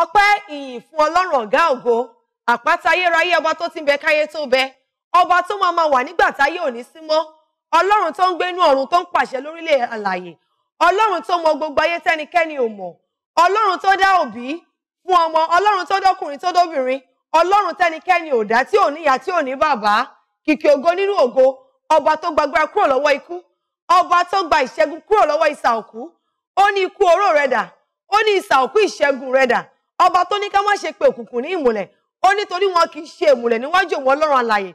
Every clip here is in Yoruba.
ọpẹ́ ìyìn fún ọlọ́run ọ̀gá ògo àpáta ayérayé ọba tó ti ń bẹ káyé tó bẹ ọba tó máa máa wà nígbà táyé ò ní sí mọ́ ọlọ́run tó ń gbénú ọ̀run tó ń pàṣẹ lórílẹ̀ àlàyé ọlọ́run tó mọ gbogbo ayé tẹ́nikẹ́ni ò mọ̀ ọlọ́run tó dá òbí fún ọmọ ọlọ́run tó dọ́kùnrin tó dóbìnrin ọlọ́run tẹ́nikẹ́ni ò dá tí ò níyà tí ò ní bàbá kìkì ògo nínú ògo ọba tó gbàgbára kúrò lọ́wọ́ ikú ọba tó gba ìṣẹ́gun kúrò lọ́wọ́ ìsà òkú ó ní ikú oró rẹ̀ dà ó ní ìsà òkú ìṣẹ́gun rẹ̀ dà ọba tó ní ká má ṣe pe òkùnkùn ní ìmùlẹ̀ ó nítorí wọn kì í ṣe ìmùlẹ̀ níwájú òun ọlọ́run alààyè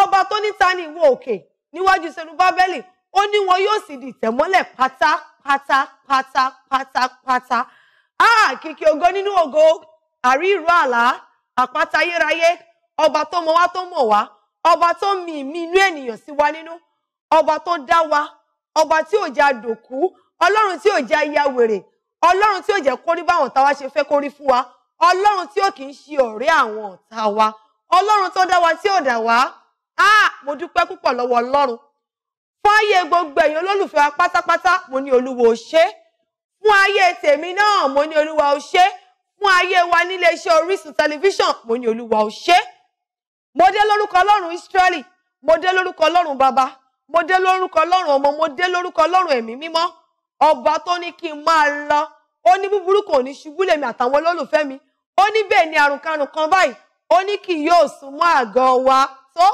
ọba tó ní ta ní ìwọ òkè níwájú Serubábẹ́lì ó ní wọn yóò sì di ìtẹ̀mọ́lẹ̀ pátápátá pátápátá àkìkì ògo nínú ògo àrí ìró àlá àpáta ayérayé ọba tó mọ wá tó mọ̀ wá ọba tó mi ìmí inú ènìyàn sí wa nínú ọba tó dá wa ọba tí ò jẹ́ adòkú ọlọ́run tí ò jẹ́ ayáwèrè ọlọ́run tí ó jẹ́ kórí báwọn ọ̀tá wa ṣe fẹ́ kórí fún wa ọlọ́run tí ó kì í ṣe ọ̀rẹ́ àwọn ọ̀tá wa ọlọ́run tó dá wa tí ò dá wa ah mo dúpẹ́ púpọ̀ lọ́wọ́ ọlọ́run fún ayé gbogbo ẹ̀yin olólùfẹ́ wa pátápátá mo ní olúwa ó ṣé fún ayé tèmi náà mo ní olúwa ó ṣé fún ayé wa nílé iṣẹ́ Orísun tẹlifíṣàn mo ní olúwa ó ṣé mo dé lórúkọ ọlọ́run Ísírẹ́lì mo dé lórúkọ ọlọ́run bàbá mo dé lórúkọ ọlọ́run ọmọ mo dé lórúkọ ọlọ́run ẹ̀mí mímọ́ ọba tó ní kí n máa lọ ó ní búburú kò ní ṣubú lèmi àtàwọn olólùfẹ́ mi ó ní bẹ́ẹ̀ ni àrùnkarùn kan báyìí ó ní kì yóò sún mọ́ àgọ́ wa tó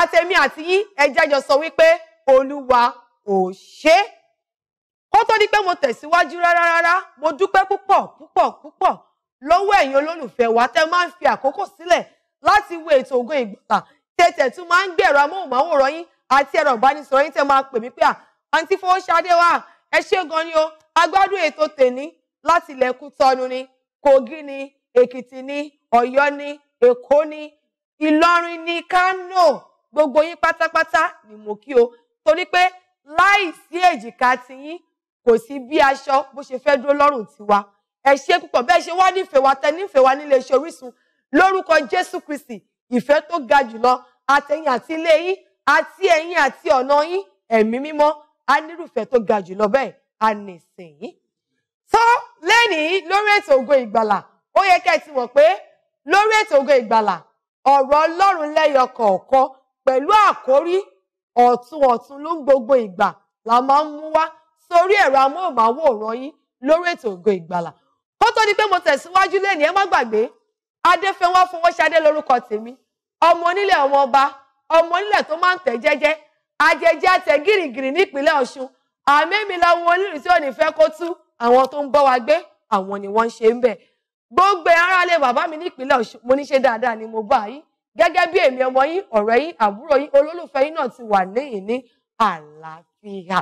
àtẹ̀mí àti yín ẹjẹ́ jọ sọ wípé olúwa ò ṣe é kó tó ní pé mo tẹ̀síwájú rárá rárá mo dúpẹ́ púpọ̀ púpọ̀ púpọ̀ lọ́wọ́ ẹ̀yin olólùfẹ́ wa tẹ́ máa ń fi àkókò sílẹ̀ láti wo ètò Ògo Ìgbàlà tètè tún máa ń gbé ẹ̀rọ amóhùnmáwòrán yín àti ẹ̀rọ ìbánisọ̀rọ̀ yín tẹ́ máa pè mí pé à àǹtí Fowóṣadé wà ẹ ṣé gan ni o agbádùn ètò tèní láti ilẹ̀kùn tọ́nu ni Kogi ni Èkìtì ni Ọ̀yọ́ ni Èkó ni Ìlọrin ni Kánò gbogbo yín pátápátá ni mo kí o torí pé láìsí èjìká tiyín kò sí bí aṣọ bó ṣe fẹ́ dúró lọ́rùn tiwa ẹ ṣé púpọ̀ bẹ́ẹ̀ ṣe wá nífẹ̀ẹ́ wa tẹ nífẹ̀ẹ́ wa nílé iṣẹ́ Orísun lórúkọ Jésù Kristi ìfẹ́ tó ga jùlọ àtẹ̀yìn àti ilé yín àti ẹ̀yin àti ọ̀nà yín ẹ̀mí mímọ́ a nírúfẹ́ tó ga jùlọ bẹ́ẹ̀ a nìsín. tó lẹ́nìí lórí ètò ògo ìgbàlà ó yẹ kẹ́ ẹ ti wọ̀ pé lórí ètò ògo ìgbàlà ọ̀rọ̀ ọlọ́run lẹ́yọ kọ̀ọ̀kan pẹ̀lú àkórí ọ̀tun ọ̀tun ló ń gbogbo ìgbà la máa ń mú wá sórí ẹ̀rọ amóhùnmáwòrán yín lórí ètò ògo ìgbàlà kó tó di pé mo tẹ̀síwájú lẹ́nìí ẹ má gbàgbé adéfẹ́wá fowóṣadé lórúkọ tèmi ọmọ onílẹ̀ ọmọ ọba ọmọ onílẹ̀ tó máa ń tẹ̀ jẹ́jẹ́ àjèjì àtẹ gírígírí nípínlẹ̀ Ọ̀ṣun àmẹ́mi làwọn onírìí tí ò ní fẹ́ kó tú àwọn tó ń bọ́ wa gbé àwọn ni wọ́n ń ṣe ń bẹ̀ gbogbo ara lè bàbá mi nípínlẹ̀ Ọ̀ṣun mo ní ṣe dáadáa ni mo bá yín gẹ́gẹ́ bí èmi ọmọ yín ọ̀rẹ́ yín àbúrò yín olólùfẹ́ yín náà ti wà níyìn ní àlàáfíà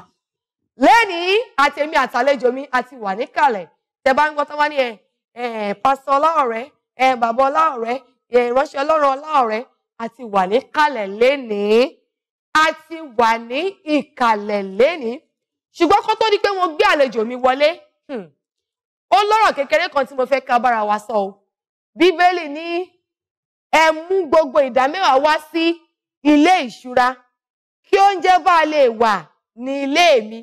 lẹ́nìí àtẹ̀mí àtàlejò mi àti wà níkàlẹ̀ tẹ bá ń gbọ́ tó wá ní ẹ ẹ pásítọ̀ ọláọ̀rẹ́ ẹ bàbá ọláọ̀rẹ́ ẹ ìránṣẹ́ ọlọ́run ọláọ̀rẹ́ àti wà níkàlẹ̀ lẹ́nìí a ti wà ní ìkàlẹ̀ lẹ́ni ṣùgbọ́n kó tó di pé mo gbé àlejò mi wọlé hmm, ó lọ́rọ̀ kékeré kan tí mo fẹ́ ká bára wa sọ o bíbélì ní ẹ mú gbogbo ìdá mẹ́wàá wá sí ilé ìṣúra kí oúnjẹ bá a lè wà ní ilé mi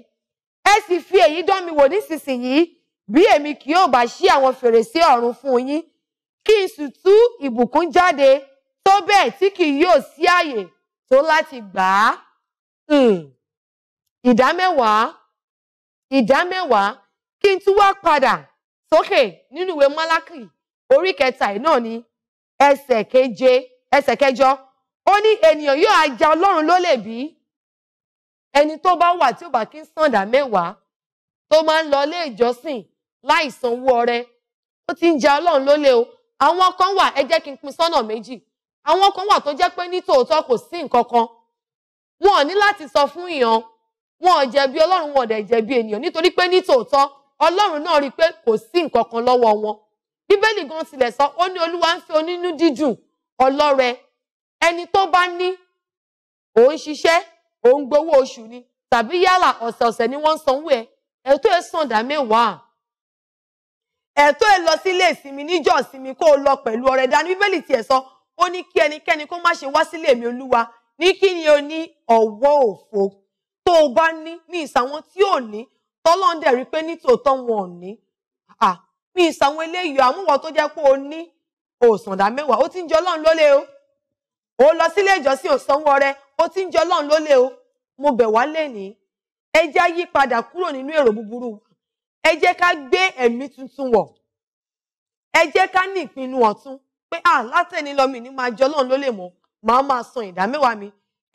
ẹ sì fi èyí dán mi wò nísinsìnyí bí èmi kì yóò bá ṣí àwọn fèrèsé ọ̀run fún yín kí n sì tú ìbùkún jáde tó bẹ́ẹ̀ tí kì yóò sí àyè tó láti gbà á hmm. ìdá mẹ́wàá ìdá mẹ́wàá kí n tún wá padà sókè nínú ìwé Málákì orí kẹta yìí náà ni ẹsẹ̀ keje ẹsẹ̀ kẹjọ ó ní ènìyàn yóò ajá Ọlọ́run lólè bí ẹni tó bá wà tí ó bá kí ń san ìdá mẹ́wàá tó máa ń lọ ilé ìjọsìn láì sanwó ọrẹ ó ti ń ja Ọlọ́run lólè o àwọn kan wà ẹ jẹ́ kí n pín sọ́nà méjì àwọn kan wà tó jẹ́ pé ní tòótọ́ kò sí nǹkan kan wọn ò ní láti sọ fún ìyàn wọn ò jẹ̀bi ọlọ́run wọn ò dẹ̀ jẹ̀bi ènìyàn nítorí pé ní tòótọ́ ọlọ́run náà rí i pé kò sí nǹkan kan lọ́wọ́ wọn bíbélì gan tilẹ̀ sọ ó ní olúwa ń fi onínú dídùn ọlọ́rẹ ẹni tó bá ní òun ṣiṣẹ́ òun gbowó oṣù ni tàbí yálà ọ̀sẹ̀ọ̀sẹ̀ ni wọ́n ń sanwó ẹ̀ ẹ̀tọ́ ẹ̀ sàn dá mẹ́wàá ẹ̀tọ́ ẹ̀ lọ sí ilé ìsinmi níjọ́ ìsinmi kó o lọ pẹ̀lú ọrẹ dání bíbélì tiẹ̀ sọ ó ní kí ẹnikẹ́ni kó má ṣe wá sílé mi olúwa ní kí ni o ní ọwọ́ òfo tó o bá ní ní ìsàwọn tí ò ní tọ́lọ́ndẹ̀ rí pé ní tòótọ́ wọn ò ní ní ìsàwọn eléyìí àmúwọ̀ tó jẹ́ pé o ní òsàndá mẹ́wàá ó ti ń jọ ọlọ́run lólè o ò lọ sílé ìjọsìn òsanwó rẹ ó ti ń jọ ọlọ́run lólè o mo bẹ̀ wá lénìí ẹ jẹ́ yí padà kúrò nínú èrò búburú ẹ jẹ́ ká gbé ẹ̀mí tuntun wọ̀ ẹ jẹ́ ká ní ìpinnu ọ̀tún pé à ah, látẹ̀ni lọ́mì ní máa jẹ ọlọ́run ló lè mọ̀ máa máa san ìdá mẹ́wàá mi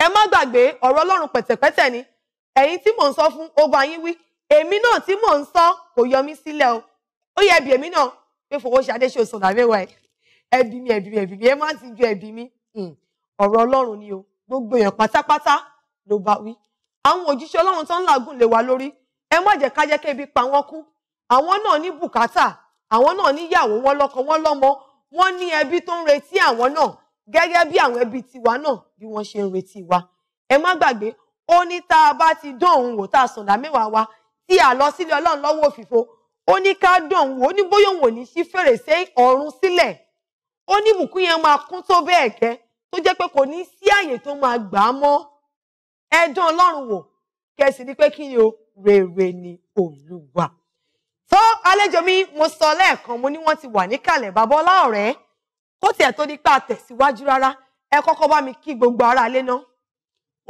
ẹ má gbàgbé ọ̀rọ̀ ọlọ́run pẹ̀tẹ̀pẹ̀tẹ̀ ni ẹ̀yin tí mò ń sọ fún ó bá yín wí èmi náà tí mò ń sọ kò yọ mí sílẹ̀ o ó yẹ ẹbí èmi náà pé Fowóṣadé ṣe òsàn àmẹ́wàá ẹ̀ ẹbí mi ẹbí mi ẹbí mi ẹ má ti ju ẹbí mi hmm. ọ̀rọ̀ ọlọ́run ni o gbogbo èèyàn pátápátá ló bá wí àwọn òjíṣẹ́ ọlọ́run tó ń làágùn lé wa lórí ẹ má jẹ́ ká jẹ́ kébi pa wọ́n kú àwọn náà ní bùkátà àwọn náà níyàwó wọn lọ́kọ wọn lọ́mọ wọ́n ní ẹbí tó ń retí àwọn náà gẹ́gẹ́ bí àwọn ẹbí tiwa náà bí wọ́n ṣe ń retí wa ẹ má gbàgbé ó ní tá a bá ti dán òun wò tá a sọ̀dá mẹ́wàá wa tí a lọ sílé ọlọ́run lọ́wọ́ òfìfo ó ní ká dán òun wò ó ní bóyá òun ò ní ṣí fèrèsé ọ̀run sílẹ̀ ó ní ìbùkún yẹn máa kún tó bẹ́ẹ̀ gẹ́ tó jẹ́ pé kò ní sí àyè tó máa gbà á mọ́ ẹ dán ọlọ́run wò kẹ́sì ni pé kí ni o rere ni Olúwa tó àlejò mi mo sọ lẹ́ẹ̀kan mo ní wọ́n ti wà níkàlẹ̀ bàbá Ọláọ̀rẹ́ kó tiẹ̀ tó ní pa àtẹ̀síwájú rárá ẹ kọ́kọ́ bá mi kí gbogbo ara lé ná.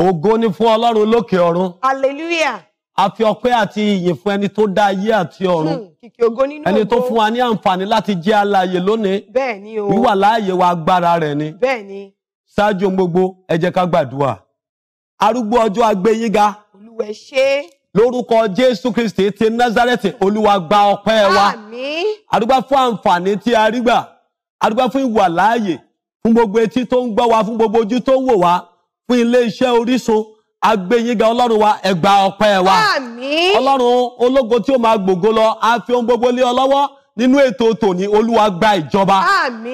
ògo ni fún Ọlọ́run lókè ọ̀run. hallelujah. a fi ọpẹ́ àti ìyìn fún ẹni tó dá ayé àti ọ̀run. Hmm, kìkì ògo nínú ògo ẹni tó fún wa ní àǹfààní láti jẹ́ alààyè lónìí. bẹ́ẹ̀ ni o wíwà láàyè wa agbára rẹ̀ ni. bẹ́ẹ̀ ni. ṣáájú gbogbo ẹ jẹ́ ká gbàdúrà arúgbó ọjọ́ agbẹ́yíga. olúwẹ̀ ṣe é lórúkọ jésù kristi ti nazareti olúwa gba ọpẹ́ wa àdúgbà fún àǹfààní tí a rí gbà àdúgbà fún ìwà láàyè fún gbogbo etí tó ń gbọ́ wa fún gbogbo ojú tó ń wò wá fún iléeṣẹ́ orísun agbẹyìnga ọlọ́run wa ẹ gba ọpẹ́ wa ọlọ́run ológo tí ó máa gbògo lọ a fi ohun gbogbo lé ọ lọ́wọ́ nínú ètò tòní olúwa gba ìjọba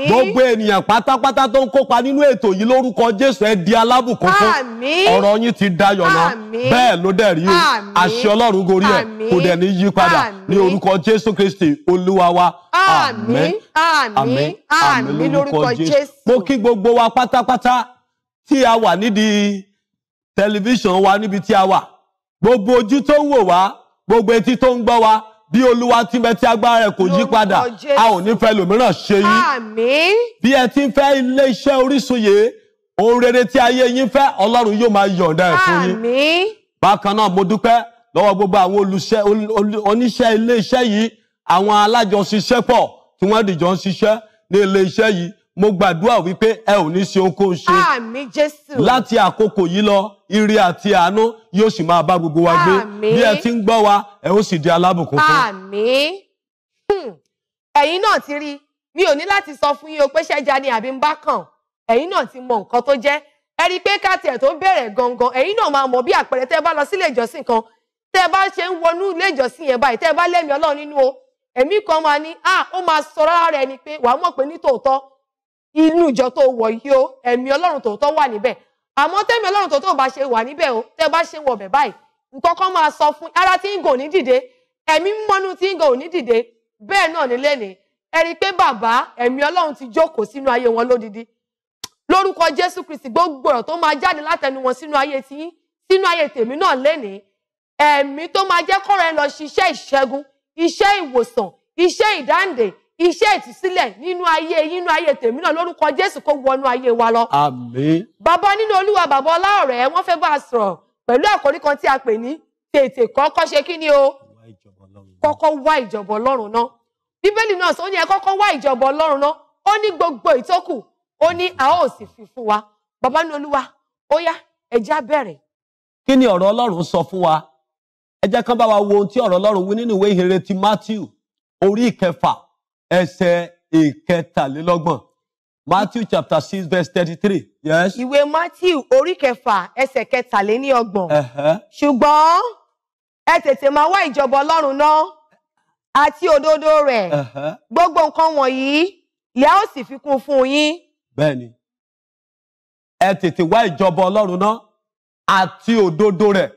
gbogbo ènìyàn pátápátá tó ń kópa nínú ètò yìí lórúkọ jésù ẹ di alábùkún fún ọ̀rọ̀ yín ti dayọ̀ náà bẹ́ẹ̀ ló dẹ̀ rí o àṣẹ ọlọ́run gorí ẹ̀ kò dẹ̀ ní yí padà ní orúkọ jésù kristi olúwa wa àmín àmín àmín lórúkọ jésù. mo kí gbogbo wa pátápátá tí a wà nídìí tẹlifíṣàn wa níbi tí a wà gbogbo ojú tó ń wò wá gbogbo etí tó ń gbọ́ wa bí olúwa ti bẹ tí agbára rẹ̀ kò yí padà a ò ní fẹ́ lòmíràn ṣe yín. àmín. bí ẹ ti ń fẹ́ ilé iṣẹ́ Orísun yìí ohun rere tí ayé yín fẹ́ ọlọ́run yóò máa yọ̀ǹda ẹ̀ fún yín. àmín. bákan náà mo dúpẹ́ lọ́wọ́ gbogbo àwọn olùṣẹ́ oníṣẹ́ ilé iṣẹ́ yìí àwọn alájọṣiṣẹ́pọ̀ tí wọ́n dìjọ ń ṣiṣẹ́ ní ilé iṣẹ́ yìí mo gbàdúrà wípé ẹ ò ní ṣe ohunkóhun ṣe. láti àkókò yìí lọ ire àti àánú yóò sì máa bá gbogbo wa gbé bí ẹ ti ń gbọ́ wa ẹ ó sì di alábùkún fún. àmín hmm. ẹ̀yin náà ti rí mi ò ní láti sọ fún yín o pé ṣẹ́ja ni àbí ń bá kàn ẹ̀yin náà ti mọ nǹkan tó jẹ́ ẹ rí i pé ká tiẹ̀ tó bẹ̀rẹ̀ gangan ẹ̀yin náà máa mọ̀ bí àpẹẹrẹ tẹ́ ẹ bá lọ sílé ìjọsìn kan tẹ́ ẹ bá ṣe ń wọnú ilé ìjọsìn yẹn báyìí tẹ́ ẹ bá lẹ́mìí ọlọ́run nínú o ẹ̀mí kan máa ní à ah, ó máa sọ rárá rẹ ni pé wàá mọ̀ pé ní tòótọ́ inú ìjọ tó wọ̀ yìí o ẹ̀mí ọlọ́run tòótọ́ wà níbẹ̀ àmọ́ tẹ́mi ọlọ́run tó tó bá ṣe wà níbẹ̀ o tẹ́ bá ṣe wọ̀ bẹ̀ báyìí nǹkan kan máa sọ fún ara tí ń gò ní dìde ẹ̀mí mọ́nú tí ń gò ní dìde bẹ́ẹ̀ náà ní lẹ́nìí ẹ rí i pé bàbá ẹ̀mí ọlọ́run ti jókòó sínú ayé wọn lódidi lórúkọ jésù kristi gbogbo ọ̀rọ̀ tó máa jáde látẹnu wọn sínú ayé tí sínú ayé tèmi náà lẹ́nìí ẹ̀mí tó máa jẹ́ kọ́rọ̀ ẹ lọ ṣiṣẹ́ ìṣẹ́gun iṣẹ́ ìwòsàn iṣẹ́ ìdáǹdè iṣẹ́ ìtúsílẹ̀ nínú ayé nínú ayé tèmi náà lórúkọ Jésù kó wọnú ayé wa lọ. àmín. bàbá nínú Olúwa bàbá Ọláọ̀rẹ́ wọ́n fẹ́ bá a sọ̀rọ̀ pẹ̀lú àkórí kan tí a pè ní tètè kọ́kọ́ ṣe kí ni o kọ́kọ́ wá ìjọba Ọlọ́run náà Bíbélì náà sọ ó ní ẹ kọ́kọ́ wá ìjọba Ọlọ́run náà ó ní gbogbo ìtókù ó ní a ó sì fi fún wa bàbá nínú Olúwa ó yá ẹ já kí ni ọ̀rọ̀ Ọlọ́run sọ fún wa ẹ jẹ́ kán bá wa wo ohun tí ọ̀rọ̀ Ọlọ́run wí nínú ìwé ìhìnrere ti Matthew orí ìkẹfà ẹsẹ̀ ìkẹtàlélọ́gbọ̀n Matthew chapter six verse thirty-three. Yes. Ìwé Matthew orí kẹfà ẹsẹ̀ kẹtàléníọgbọ̀n. Ṣùgbọ́n ẹ tètè máa wá ìjọba Ọlọ́run náà àti òdodo rẹ̀. Gbogbo nǹkan wọ̀nyí ìyá ó sì fi kún fún yín. Bẹ́ẹ̀ni, ẹ tètè wá ìjọba Ọlọ́run náà àti òdodo rẹ̀.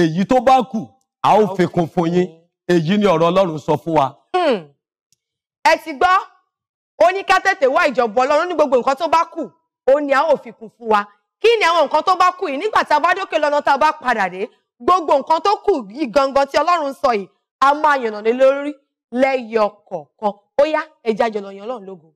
Èyí tó bá kù, a ó fi kún fún yín. Èyí ni ọ̀rọ̀ Ọlọ́run sọ fún wa. Hmm ẹ ti gbọ́ ó ní ká tètè wá ìjọba ọlọ́run ó ní gbogbo nǹkan tó bá kù ó ní a ó fi kún fún wa kí ni àwọn nǹkan tó bá kù yìí nígbà tá a bá dókè lọ́nà tá a bá padà dé gbogbo nǹkan tó kù yìí gangan tí ọlọ́run sọ yìí a máa yànnà lé lórí lẹ́yọ kọ̀ọ̀kan ó yá ẹja jọ̀lọ̀ yàn lọ́run lógo.